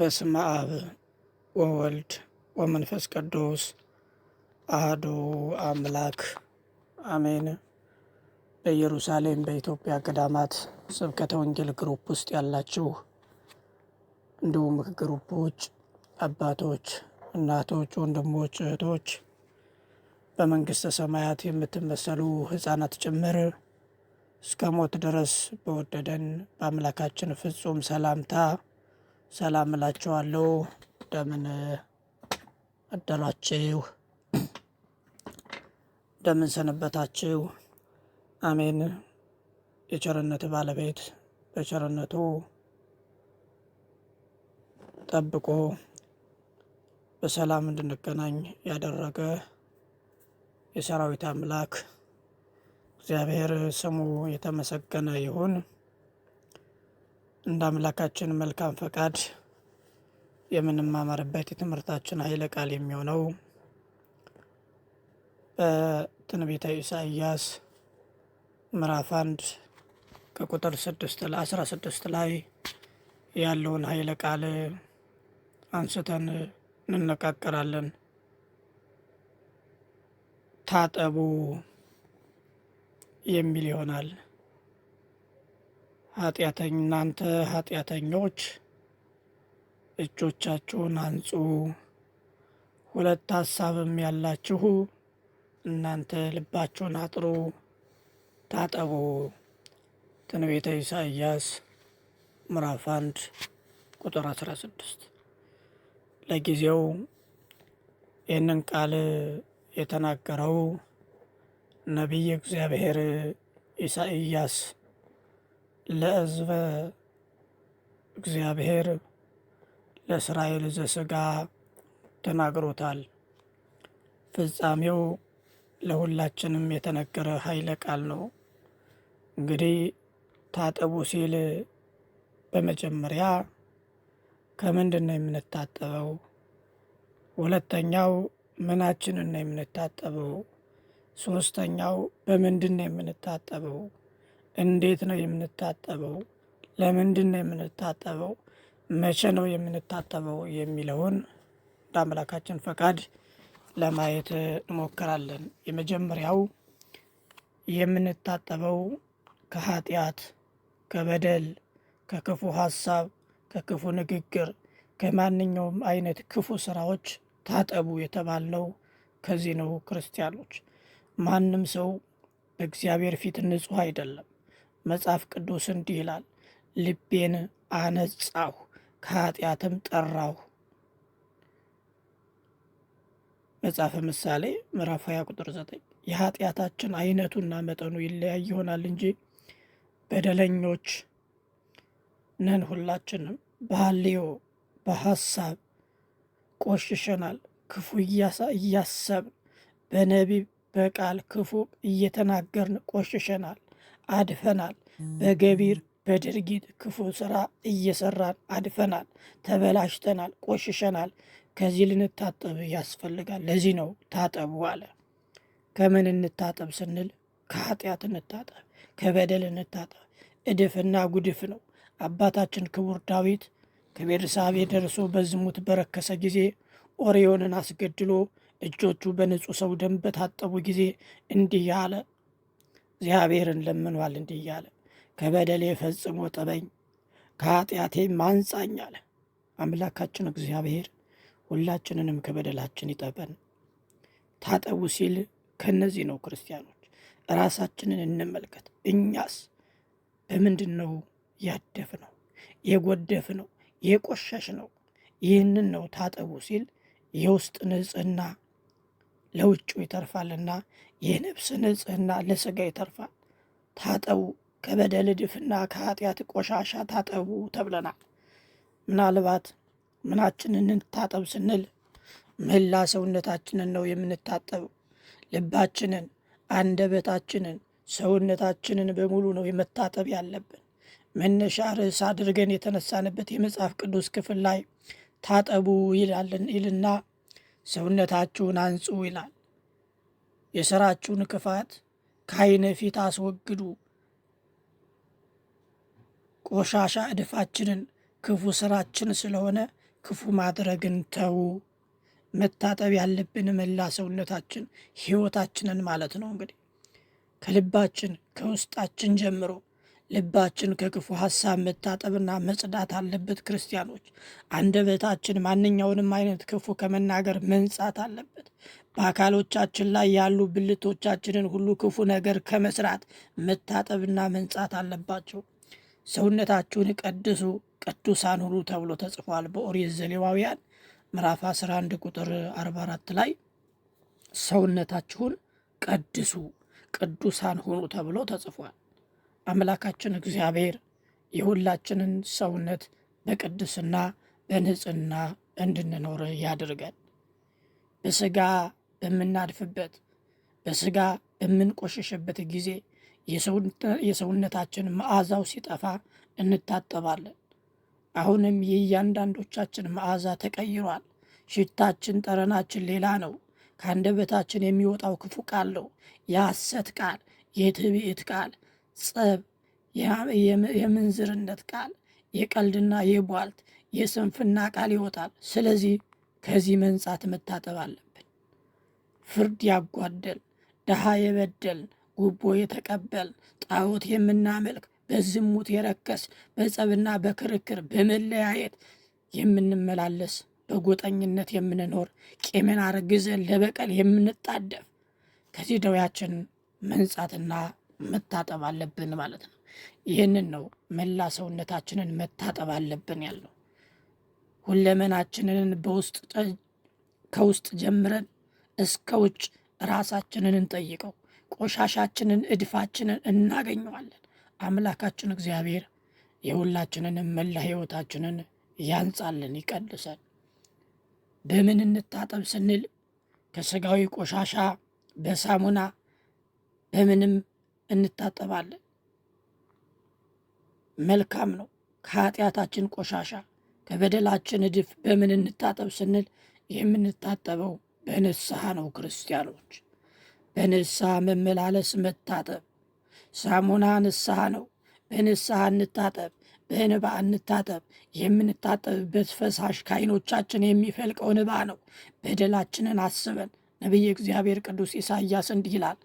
በስመ አብ ወወልድ ወመንፈስ ቅዱስ አህዱ አምላክ አሜን። በኢየሩሳሌም በኢትዮጵያ ገዳማት ስብከተ ወንጌል ግሩፕ ውስጥ ያላችሁ እንዲሁም ግሩፖች አባቶች፣ እናቶች፣ ወንድሞች፣ እህቶች በመንግስተ ሰማያት የምትመሰሉ ህፃናት ጭምር እስከ ሞት ድረስ በወደደን በአምላካችን ፍጹም ሰላምታ ሰላም እላችኋለሁ። እንደምን አደራችሁ? እንደምን ሰነበታችሁ? አሜን። የቸርነት ባለቤት በቸርነቱ ጠብቆ በሰላም እንድንገናኝ ያደረገ የሰራዊት አምላክ እግዚአብሔር ስሙ የተመሰገነ ይሁን። እንደ አምላካችን መልካም ፈቃድ የምንማማርበት የትምህርታችን ኃይለ ቃል የሚሆነው በትንቢተ ኢሳይያስ ምዕራፍ አንድ ከቁጥር ስድስት ለአስራ ስድስት ላይ ያለውን ኃይለ ቃል አንስተን እንነቃቀራለን። ታጠቡ የሚል ይሆናል። ኃጢአተኝ እናንተ ኃጢአተኞች እጆቻችሁን አንጹ፣ ሁለት ሀሳብም ያላችሁ እናንተ ልባችሁን አጥሩ፣ ታጠቡ። ትንቢተ ኢሳይያስ ምዕራፍ አንድ ቁጥር አስራ ስድስት ለጊዜው ይህንን ቃል የተናገረው ነቢይ እግዚአብሔር ኢሳይያስ ለሕዝበ እግዚአብሔር ለእስራኤል ዘሥጋ ተናግሮታል። ፍጻሜው ለሁላችንም የተነገረ ኃይለ ቃል ነው። እንግዲህ ታጠቡ ሲል በመጀመሪያ ከምንድን ነው የምንታጠበው? ሁለተኛው ምናችንን ነው የምንታጠበው? ሶስተኛው በምንድን ነው የምንታጠበው? እንዴት ነው የምንታጠበው? ለምንድን ነው የምንታጠበው? መቼ ነው የምንታጠበው? የሚለውን እንደ አምላካችን ፈቃድ ለማየት እንሞክራለን። የመጀመሪያው የምንታጠበው ከኃጢአት፣ ከበደል፣ ከክፉ ሀሳብ፣ ከክፉ ንግግር፣ ከማንኛውም አይነት ክፉ ስራዎች ታጠቡ የተባለው ከዚህ ነው። ክርስቲያኖች፣ ማንም ሰው በእግዚአብሔር ፊት ንጹህ አይደለም። መጽሐፍ ቅዱስ እንዲህ ይላል፣ ልቤን አነጻሁ ከኃጢአትም ጠራሁ። መጽሐፈ ምሳሌ ምዕራፍ 20 ቁጥር 9 የኃጢአታችን አይነቱና መጠኑ ይለያይ ይሆናል እንጂ በደለኞች ነን ሁላችንም። በሐልዮ በሐሳብ ቆሽሸናል፣ ክፉ እያሰብን፣ በነቢብ በቃል ክፉ እየተናገርን ቆሽሸናል። አድፈናል። በገቢር በድርጊት ክፉ ስራ እየሰራን አድፈናል፣ ተበላሽተናል፣ ቆሽሸናል። ከዚህ ልንታጠብ ያስፈልጋል። ለዚህ ነው ታጠቡ አለ። ከምን እንታጠብ ስንል ከኃጢአት እንታጠብ፣ ከበደል እንታጠብ። እድፍና ጉድፍ ነው። አባታችን ክቡር ዳዊት ከቤርሳቤ ደርሶ በዝሙት በረከሰ ጊዜ ኦርዮንን አስገድሎ እጆቹ በንጹሕ ሰው ደም በታጠቡ ጊዜ እንዲህ አለ። እግዚአብሔርን ለምኗል እንዲህ እያለ ከበደሌ ፈጽሞ ጠበኝ፣ ከኃጢአቴም አንጻኝ አለ። አምላካችን እግዚአብሔር ሁላችንንም ከበደላችን ይጠበን። ታጠቡ ሲል ከነዚህ ነው። ክርስቲያኖች ራሳችንን እንመልከት። እኛስ በምንድን ነው ያደፍ ነው የጎደፍ ነው የቆሸሽ ነው? ይህንን ነው ታጠቡ ሲል የውስጥ ንጽህና ለውጭው ይተርፋልና የነፍስ ንጽህና ለስጋ ይተርፋል። ታጠቡ፣ ከበደል እድፍና ከኃጢአት ቆሻሻ ታጠቡ ተብለናል። ምናልባት ምናችንን እንታጠብ ስንል መላ ሰውነታችንን ነው የምንታጠበው። ልባችንን፣ አንደበታችንን፣ ሰውነታችንን በሙሉ ነው የመታጠብ ያለብን። መነሻ ርዕስ አድርገን የተነሳንበት የመጽሐፍ ቅዱስ ክፍል ላይ ታጠቡ ይላልን ይልና ሰውነታችሁን አንጹ ይላል። የሥራችሁን ክፋት ከዓይነ ፊት አስወግዱ። ቆሻሻ እድፋችንን ክፉ ስራችን ስለሆነ ክፉ ማድረግን ተዉ። መታጠብ ያለብን መላ ሰውነታችን ህይወታችንን ማለት ነው። እንግዲህ ከልባችን ከውስጣችን ጀምሮ ልባችን ከክፉ ሀሳብ መታጠብና መጽዳት አለበት። ክርስቲያኖች አንደበታችን ማንኛውንም አይነት ክፉ ከመናገር መንጻት አለበት። በአካሎቻችን ላይ ያሉ ብልቶቻችንን ሁሉ ክፉ ነገር ከመስራት መታጠብና መንጻት አለባቸው። ሰውነታችሁን ቀድሱ፣ ቅዱሳን ሁሉ ተብሎ ተጽፏል በኦሪት ዘሌዋውያን ምዕራፍ 11 ቁጥር 44 ላይ ሰውነታችሁን ቀድሱ፣ ቅዱሳን ሁኑ ተብሎ ተጽፏል። አምላካችን እግዚአብሔር የሁላችንን ሰውነት በቅድስና በንጽህና እንድንኖር ያድርገን። በስጋ በምናድፍበት በስጋ በምንቆሸሽበት ጊዜ የሰውነታችን መዓዛው ሲጠፋ እንታጠባለን። አሁንም የእያንዳንዶቻችን መዓዛ ተቀይሯል። ሽታችን፣ ጠረናችን ሌላ ነው። ከአንደበታችን የሚወጣው ክፉ ቃል ነው። የሐሰት ቃል፣ የትዕቢት ቃል ጸብ፣ የምንዝርነት ቃል፣ የቀልድና የቧልት የስንፍና ቃል ይወጣል። ስለዚህ ከዚህ መንጻት መታጠብ አለብን። ፍርድ ያጓደል፣ ድሃ የበደል፣ ጉቦ የተቀበል፣ ጣዖት የምናመልክ፣ በዝሙት የረከስ፣ በጸብና በክርክር በመለያየት የምንመላለስ፣ በጎጠኝነት የምንኖር፣ ቂምን አርግዘን ለበቀል የምንጣደፍ ከዚህ ደውያችን መንጻትና መታጠብ አለብን ማለት ነው። ይህንን ነው መላ ሰውነታችንን መታጠብ አለብን ያለው። ሁለመናችንን በውስጥ ከውስጥ ጀምረን እስከ ውጭ ራሳችንን እንጠይቀው። ቆሻሻችንን፣ እድፋችንን እናገኘዋለን። አምላካችን እግዚአብሔር የሁላችንንም መላ ህይወታችንን ያንጻልን፣ ይቀድሰን። በምን እንታጠብ ስንል ከስጋዊ ቆሻሻ በሳሙና በምንም እንታጠባለን። መልካም ነው። ከኃጢአታችን ቆሻሻ ከበደላችን እድፍ በምን እንታጠብ ስንል የምንታጠበው በንስሐ ነው። ክርስቲያኖች በንስሐ መመላለስ መታጠብ፣ ሳሙና ንስሐ ነው። በንስሐ እንታጠብ፣ በንባ እንታጠብ። የምንታጠብበት ፈሳሽ ከዓይኖቻችን የሚፈልቀው ንባ ነው። በደላችንን አስበን ነቢይ እግዚአብሔር ቅዱስ ኢሳያስ እንዲህ ይላል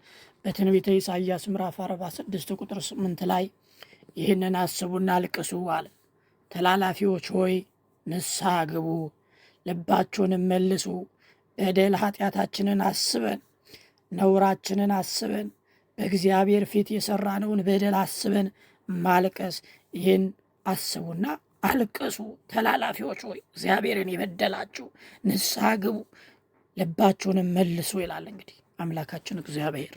በትንቢተ ኢሳያስ ምዕራፍ 46 ቁጥር 8 ላይ ይህንን አስቡና አልቅሱ አለ። ተላላፊዎች ሆይ ንስሐ ግቡ፣ ልባችሁንም መልሱ። በደል ኃጢአታችንን አስበን ነውራችንን አስበን በእግዚአብሔር ፊት የሰራነውን በደል አስበን ማልቀስ ይህን አስቡና አልቅሱ። ተላላፊዎች ሆይ እግዚአብሔርን የበደላችሁ ንስሐ ግቡ፣ ልባችሁንም መልሱ ይላል እንግዲህ አምላካችን እግዚአብሔር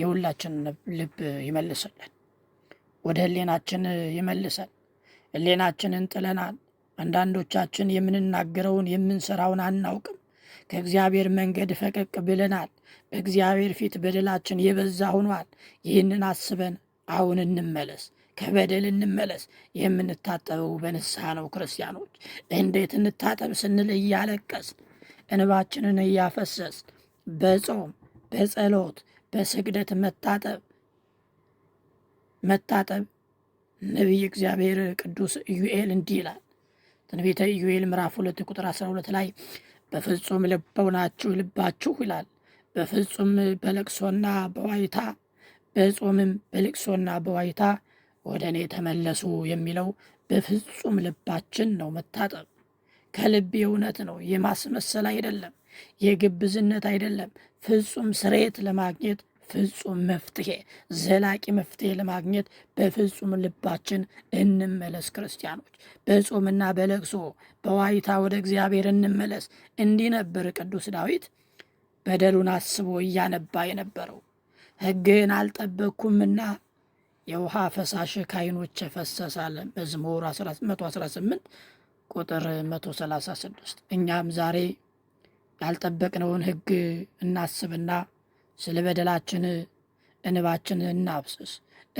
የሁላችን ልብ ይመልስልን፣ ወደ ህሌናችን ይመልሰን። ህሌናችንን ጥለናል። አንዳንዶቻችን የምንናገረውን የምንሰራውን አናውቅም። ከእግዚአብሔር መንገድ ፈቀቅ ብለናል። በእግዚአብሔር ፊት በደላችን የበዛ ሆኗል። ይህንን አስበን አሁን እንመለስ፣ ከበደል እንመለስ። የምንታጠበው በንስሐ ነው። ክርስቲያኖች እንዴት እንታጠብ ስንል እያለቀስን እንባችንን እያፈሰስን በጾም በጸሎት በስግደት መታጠብ መታጠብ ነቢይ እግዚአብሔር ቅዱስ ኢዩኤል እንዲህ ይላል። ትንቢተ ኢዩኤል ምዕራፍ ሁለት ቁጥር 12 ላይ በፍጹም ልቦናችሁ ልባችሁ ይላል በፍጹም በለቅሶና በዋይታ በጾምም በልቅሶና በዋይታ ወደ እኔ ተመለሱ የሚለው በፍጹም ልባችን ነው። መታጠብ ከልብ የእውነት ነው፣ የማስመሰል አይደለም። የግብዝነት አይደለም፣ ፍጹም ስሬት ለማግኘት ፍጹም መፍትሄ፣ ዘላቂ መፍትሄ ለማግኘት በፍጹም ልባችን እንመለስ። ክርስቲያኖች በጾምና በለቅሶ በዋይታ ወደ እግዚአብሔር እንመለስ። እንዲህ ነበር ቅዱስ ዳዊት በደሉን አስቦ እያነባ የነበረው። ሕግህን አልጠበቅኩምና የውሃ ፈሳሽ ከዓይኖቼ ፈሰሳለ። መዝሙር 118 ቁጥር 136። እኛም ዛሬ ያልጠበቅነውን ሕግ እናስብና ስለ በደላችን እንባችን እናብስስ፣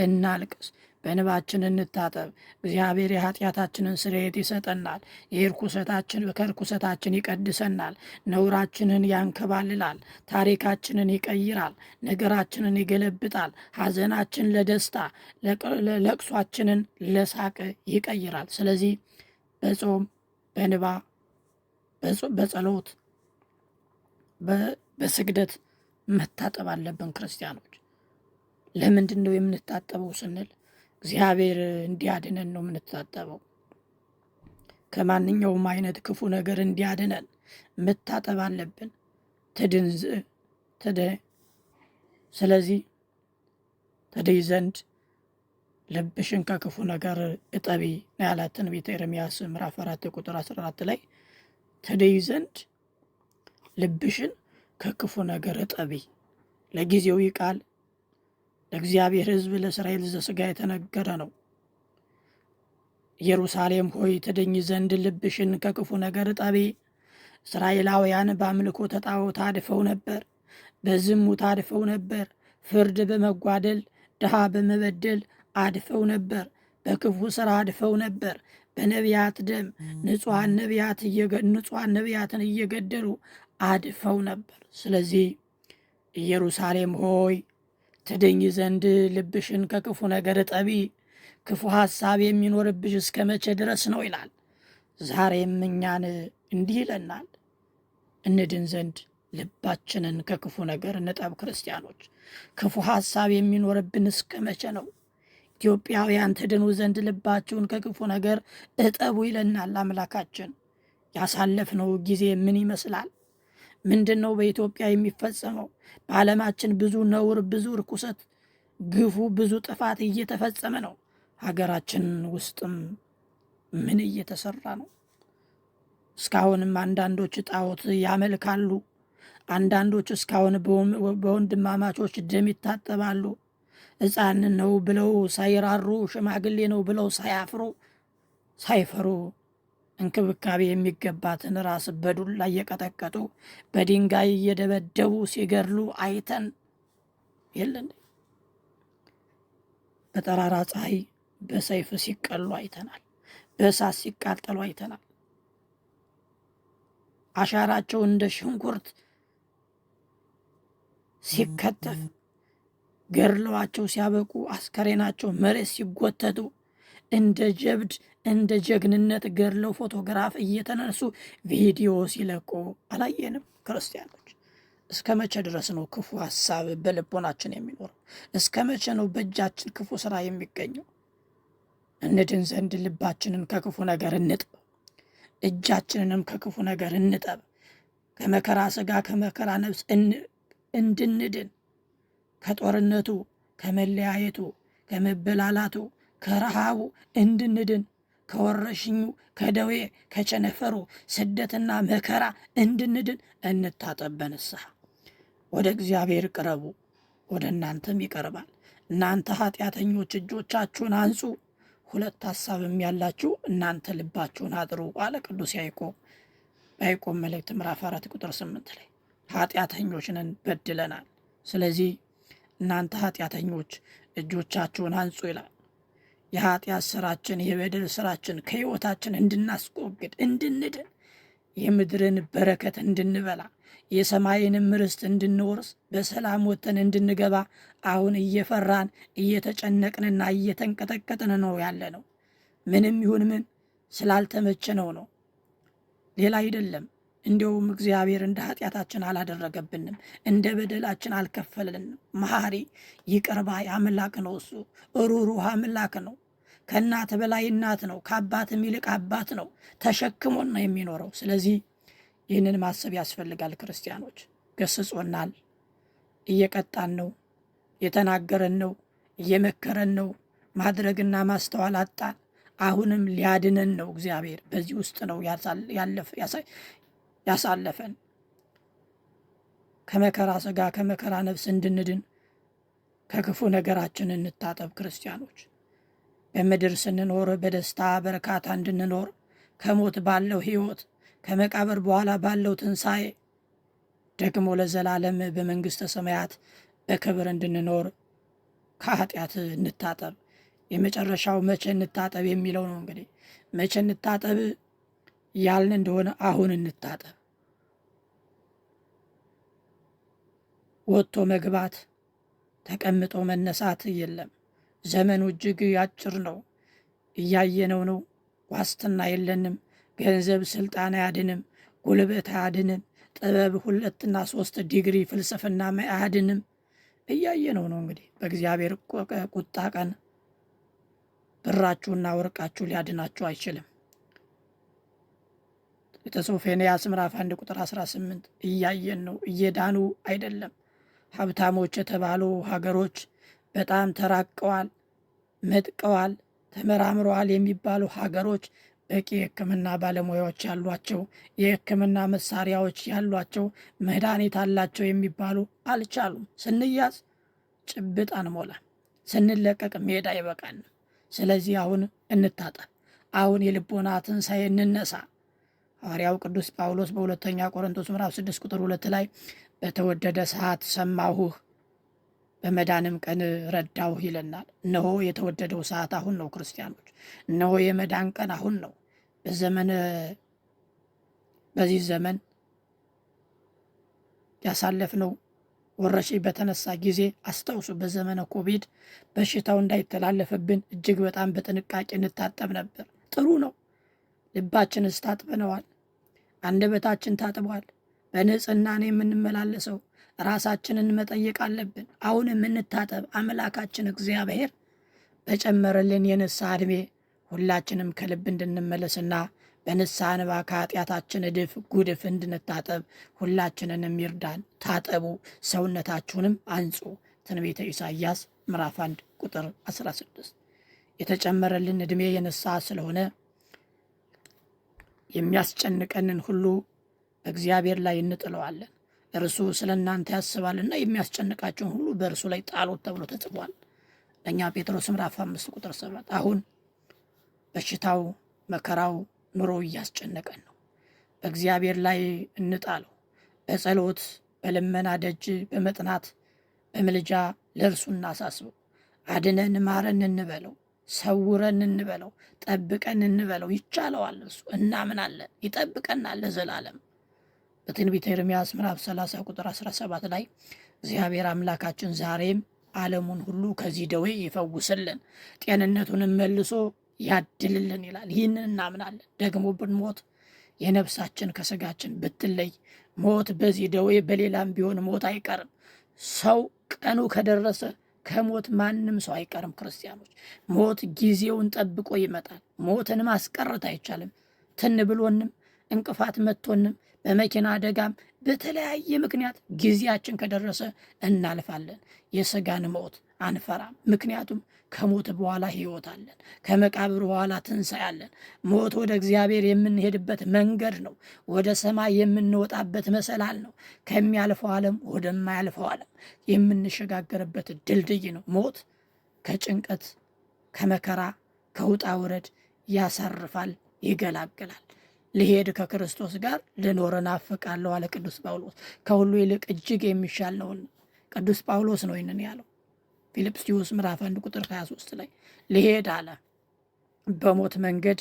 እናልቅስ፣ በንባችን እንታጠብ። እግዚአብሔር የኃጢአታችንን ስርየት ይሰጠናል፣ የርኩሰታችን ከርኩሰታችን ይቀድሰናል፣ ነውራችንን ያንከባልላል፣ ታሪካችንን ይቀይራል፣ ነገራችንን ይገለብጣል፣ ሐዘናችን ለደስታ ለቅሷችንን ለሳቅ ይቀይራል። ስለዚህ በጾም በንባ በጸሎት በስግደት መታጠብ አለብን ክርስቲያኖች። ለምንድን ነው የምንታጠበው ስንል እግዚአብሔር እንዲያድነን ነው የምንታጠበው። ከማንኛውም አይነት ክፉ ነገር እንዲያድነን መታጠብ አለብን። ትድንዝ ትደ ስለዚህ ትድይ ዘንድ ልብሽን ከክፉ ነገር እጠቢ ያላትን ቤተ ኤርምያስ ምዕራፍ አራት ቁጥር አስራ አራት ላይ ትድይ ዘንድ ልብሽን ከክፉ ነገር እጠቢ። ለጊዜው ይህ ቃል ለእግዚአብሔር ሕዝብ ለእስራኤል ዘሥጋ የተነገረ ነው። ኢየሩሳሌም ሆይ ትድኝ ዘንድ ልብሽን ከክፉ ነገር እጠቢ። እስራኤላውያን በአምልኮ ተጣዖት አድፈው ነበር፣ በዝሙት አድፈው ነበር፣ ፍርድ በመጓደል ድሃ በመበደል አድፈው ነበር፣ በክፉ ሥራ አድፈው ነበር። በነቢያት ደም ንጹሐን ነቢያትን እየገደሉ አድፈው ነበር። ስለዚህ ኢየሩሳሌም ሆይ ትድኝ ዘንድ ልብሽን ከክፉ ነገር እጠቢ፣ ክፉ ሐሳብ የሚኖርብሽ እስከ መቼ ድረስ ነው ይላል። ዛሬም እኛን እንዲህ ይለናል። እንድን ዘንድ ልባችንን ከክፉ ነገር እንጠብ። ክርስቲያኖች፣ ክፉ ሐሳብ የሚኖርብን እስከ መቼ ነው? ኢትዮጵያውያን ትድኑ ዘንድ ልባችሁን ከክፉ ነገር እጠቡ ይለናል አምላካችን። ያሳለፍነው ጊዜ ምን ይመስላል? ምንድን ነው በኢትዮጵያ የሚፈጸመው? በዓለማችን ብዙ ነውር፣ ብዙ እርኩሰት፣ ግፉ፣ ብዙ ጥፋት እየተፈጸመ ነው። ሀገራችን ውስጥም ምን እየተሰራ ነው? እስካሁንም አንዳንዶች ጣዖት ያመልካሉ። አንዳንዶች እስካሁን በወንድማማቾች ደም ይታጠባሉ። ሕፃን ነው ብለው ሳይራሩ፣ ሽማግሌ ነው ብለው ሳያፍሩ ሳይፈሩ እንክብካቤ የሚገባትን ራስ በዱላ እየቀጠቀጡ በድንጋይ እየደበደቡ ሲገድሉ አይተን የለን? በጠራራ ፀሐይ በሰይፍ ሲቀሉ አይተናል። በእሳት ሲቃጠሉ አይተናል። አሻራቸው እንደ ሽንኩርት ሲከተፍ ገድለዋቸው ሲያበቁ አስከሬናቸው መሬት ሲጎተቱ እንደ ጀብድ እንደ ጀግንነት ገድለው ፎቶግራፍ እየተነሱ ቪዲዮ ሲለቁ አላየንም። ክርስቲያኖች እስከ መቼ ድረስ ነው ክፉ ሀሳብ በልቦናችን የሚኖረው? እስከ መቼ ነው በእጃችን ክፉ ስራ የሚገኘው? እንድን ዘንድ ልባችንን ከክፉ ነገር እንጥብ፣ እጃችንንም ከክፉ ነገር እንጠብ። ከመከራ ስጋ ከመከራ ነፍስ እንድንድን ከጦርነቱ ከመለያየቱ ከመበላላቱ ከረሃቡ እንድንድን ከወረሽኙ ከደዌ ከቸነፈሩ ስደትና መከራ እንድንድን እንታጠብ በንስሐ ወደ እግዚአብሔር ቅረቡ፣ ወደ እናንተም ይቀርባል። እናንተ ኃጢአተኞች እጆቻችሁን አንጹ፣ ሁለት ሀሳብም ያላችሁ እናንተ ልባችሁን አጥሩ አለ ቅዱስ ያዕቆብ በያዕቆብ መልእክት ምዕራፍ አራት ቁጥር ስምንት ላይ ኃጢአተኞችንን በድለናል። ስለዚህ እናንተ ኃጢአተኞች እጆቻችሁን አንጹ ይላል። የኃጢአት ስራችን የበደል ስራችን ከህይወታችን እንድናስቆግድ እንድንድን የምድርን በረከት እንድንበላ የሰማይንም ርስት እንድንወርስ በሰላም ወጥተን እንድንገባ አሁን እየፈራን እየተጨነቅንና እየተንቀጠቀጥን ነው ያለ ነው። ምንም ይሁን ምን ስላልተመቸነው ነው፣ ሌላ አይደለም። እንዲሁም እግዚአብሔር እንደ ኃጢአታችን አላደረገብንም፣ እንደ በደላችን አልከፈልንም። መሐሪ ይቅር ባይ አምላክ ነው። እሱ ሩህሩህ አምላክ ነው። ከእናት በላይ እናት ነው፣ ከአባትም ይልቅ አባት ነው። ተሸክሞን ነው የሚኖረው። ስለዚህ ይህንን ማሰብ ያስፈልጋል። ክርስቲያኖች ገስጾናል፣ እየቀጣን ነው፣ የተናገረን ነው፣ እየመከረን ነው። ማድረግና ማስተዋል አጣን። አሁንም ሊያድነን ነው እግዚአብሔር። በዚህ ውስጥ ነው ያሳለፈን። ከመከራ ስጋ ከመከራ ነፍስ እንድንድን ከክፉ ነገራችን እንታጠብ ክርስቲያኖች። በምድር ስንኖር በደስታ በርካታ እንድንኖር ከሞት ባለው ሕይወት ከመቃብር በኋላ ባለው ትንሣኤ ደግሞ ለዘላለም በመንግሥተ ሰማያት በክብር እንድንኖር ከኃጢአት እንታጠብ። የመጨረሻው መቼ እንታጠብ የሚለው ነው። እንግዲህ መቼ እንታጠብ ያልን እንደሆነ አሁን እንታጠብ። ወጥቶ መግባት፣ ተቀምጦ መነሳት የለም። ዘመኑ እጅግ አጭር ነው። እያየነው ነው። ዋስትና የለንም። ገንዘብ ስልጣን አያድንም። ጉልበት አያድንም። ጥበብ ሁለትና ሶስት ዲግሪ ፍልስፍና አያድንም። እያየነው ነው። እንግዲህ በእግዚአብሔር ቁጣ ቀን ብራችሁና ወርቃችሁ ሊያድናችሁ አይችልም። የተሶፌንያስ ምዕራፍ አንድ ቁጥር 18 እያየን ነው። እየዳኑ አይደለም። ሀብታሞች የተባሉ ሀገሮች በጣም ተራቀዋል፣ መጥቀዋል፣ ተመራምረዋል የሚባሉ ሀገሮች በቂ የሕክምና ባለሙያዎች ያሏቸው፣ የሕክምና መሳሪያዎች ያሏቸው፣ መድኃኒት አላቸው የሚባሉ አልቻሉም። ስንያዝ ጭብጥ አንሞላ፣ ስንለቀቅ ሜዳ ይበቃንም። ስለዚህ አሁን እንታጠብ፣ አሁን የልቦና ትንሣኤ እንነሳ። ሐዋርያው ቅዱስ ጳውሎስ በሁለተኛ ቆሮንቶስ ምዕራፍ 6 ቁጥር 2 ላይ በተወደደ ሰዓት ሰማሁህ በመዳንም ቀን ረዳው ይለናል። እነሆ የተወደደው ሰዓት አሁን ነው። ክርስቲያኖች፣ እነሆ የመዳን ቀን አሁን ነው። በዘመን በዚህ ዘመን ያሳለፍነው ወረሺ በተነሳ ጊዜ አስታውሱ፣ በዘመነ ኮቪድ በሽታው እንዳይተላለፍብን እጅግ በጣም በጥንቃቄ እንታጠብ ነበር። ጥሩ ነው። ልባችን እስታጥበነዋል፣ አንደበታችን ታጥቧል፣ በንጽህናን የምንመላለሰው ራሳችንን መጠየቅ አለብን። አሁን የምንታጠብ አምላካችን እግዚአብሔር በጨመረልን የንስሐ ዕድሜ ሁላችንም ከልብ እንድንመለስና በንስሐ ንባ ከኃጢአታችን እድፍ ጉድፍ እንድንታጠብ ሁላችንንም ይርዳን። ታጠቡ፣ ሰውነታችሁንም አንጹ። ትንቢተ ኢሳይያስ ምዕራፍ 1 ቁጥር 16 የተጨመረልን ዕድሜ የንስሐ ስለሆነ የሚያስጨንቀንን ሁሉ በእግዚአብሔር ላይ እንጥለዋለን። እርሱ ስለ እናንተ ያስባልና የሚያስጨንቃቸውን ሁሉ በእርሱ ላይ ጣሎት ተብሎ ተጽፏል። ለእኛ ጴጥሮስ ምዕራፍ አምስት ቁጥር ሰባት አሁን በሽታው፣ መከራው፣ ኑሮ እያስጨነቀን ነው። በእግዚአብሔር ላይ እንጣለው። በጸሎት በልመና ደጅ በመጥናት በምልጃ ለእርሱ እናሳስበው። አድነን ማረን እንበለው፣ ሰውረን እንበለው፣ ጠብቀን እንበለው። ይቻለዋል። እርሱ እናምናለን፣ ይጠብቀናል ለዘላለም። በትንቢተ ኤርምያስ ምዕራፍ 30 ቁጥር 17 ላይ እግዚአብሔር አምላካችን ዛሬም ዓለሙን ሁሉ ከዚህ ደዌ ይፈውስልን፣ ጤንነቱንም መልሶ ያድልልን ይላል። ይህንን እናምናለን። ደግሞ ብንሞት የነፍሳችን ከስጋችን ብትለይ ሞት በዚህ ደዌ በሌላም ቢሆን ሞት አይቀርም። ሰው ቀኑ ከደረሰ ከሞት ማንም ሰው አይቀርም። ክርስቲያኖች፣ ሞት ጊዜውን ጠብቆ ይመጣል። ሞትን ማስቀረት አይቻልም። ትን ብሎንም እንቅፋት መጥቶንም በመኪና አደጋም በተለያየ ምክንያት ጊዜያችን ከደረሰ እናልፋለን። የሥጋን ሞት አንፈራም። ምክንያቱም ከሞት በኋላ ህይወት አለን። ከመቃብር በኋላ ትንሣኤ አለን። ሞት ወደ እግዚአብሔር የምንሄድበት መንገድ ነው። ወደ ሰማይ የምንወጣበት መሰላል ነው። ከሚያልፈው ዓለም ወደማያልፈው ዓለም የምንሸጋገርበት ድልድይ ነው። ሞት ከጭንቀት ከመከራ ከውጣ ውረድ ያሳርፋል፣ ይገላግላል። ልሄድ ከክርስቶስ ጋር ልኖር እናፍቃለሁ አለ ቅዱስ ጳውሎስ። ከሁሉ ይልቅ እጅግ የሚሻል ነው። ቅዱስ ጳውሎስ ነው ይንን ያለው ፊልጵስዩስ ምዕራፍ አንድ ቁጥር 23 ላይ ልሄድ አለ በሞት መንገድ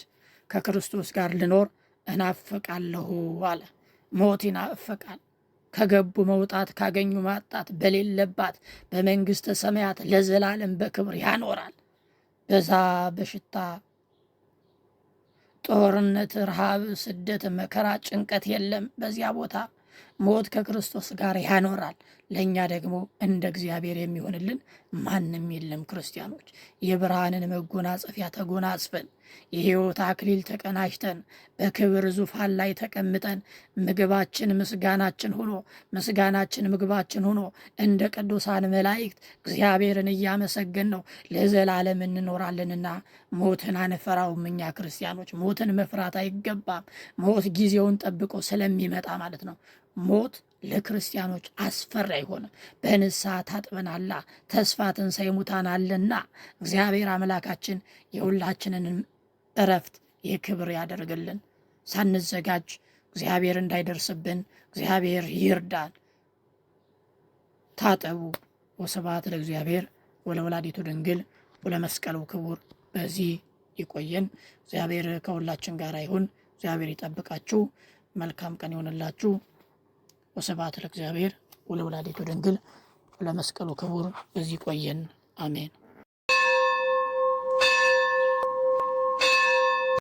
ከክርስቶስ ጋር ልኖር እናፍቃለሁ አለ። ሞት ይናፍቃል። ከገቡ መውጣት ካገኙ ማጣት በሌለባት በመንግሥተ ሰማያት ለዘላለም በክብር ያኖራል። በዛ በሽታ ጦርነት፣ ረሃብ፣ ስደት፣ መከራ፣ ጭንቀት የለም በዚያ ቦታ። ሞት ከክርስቶስ ጋር ያኖራል። ለእኛ ደግሞ እንደ እግዚአብሔር የሚሆንልን ማንም የለም። ክርስቲያኖች የብርሃንን መጎናጸፊያ ተጎናጽፈን የሕይወት አክሊል ተቀናጅተን በክብር ዙፋን ላይ ተቀምጠን ምግባችን ምስጋናችን ሆኖ ምስጋናችን ምግባችን ሆኖ እንደ ቅዱሳን መላእክት እግዚአብሔርን እያመሰገን ነው ለዘላለም እንኖራለንና ሞትን አንፈራውም። እኛ ክርስቲያኖች ሞትን መፍራት አይገባም። ሞት ጊዜውን ጠብቆ ስለሚመጣ ማለት ነው። ሞት ለክርስቲያኖች አስፈራ የሆነ በንስሐ ታጥበናላ ተስፋ ትንሣኤ ሙታን አለና እግዚአብሔር አምላካችን የሁላችንንም እረፍት የክብር ያደርግልን። ሳንዘጋጅ እግዚአብሔር እንዳይደርስብን እግዚአብሔር ይርዳን። ታጠቡ። ወስብሐት ለእግዚአብሔር ወለወላዲቱ ድንግል ወለመስቀሉ ክቡር። በዚህ ይቆየን። እግዚአብሔር ከሁላችን ጋር ይሁን። እግዚአብሔር ይጠብቃችሁ። መልካም ቀን ይሆንላችሁ። ወስብሐት ለእግዚአብሔር ወለወላዲቱ ድንግል ለመስቀሉ ክቡር። በዚህ ቆየን። አሜን።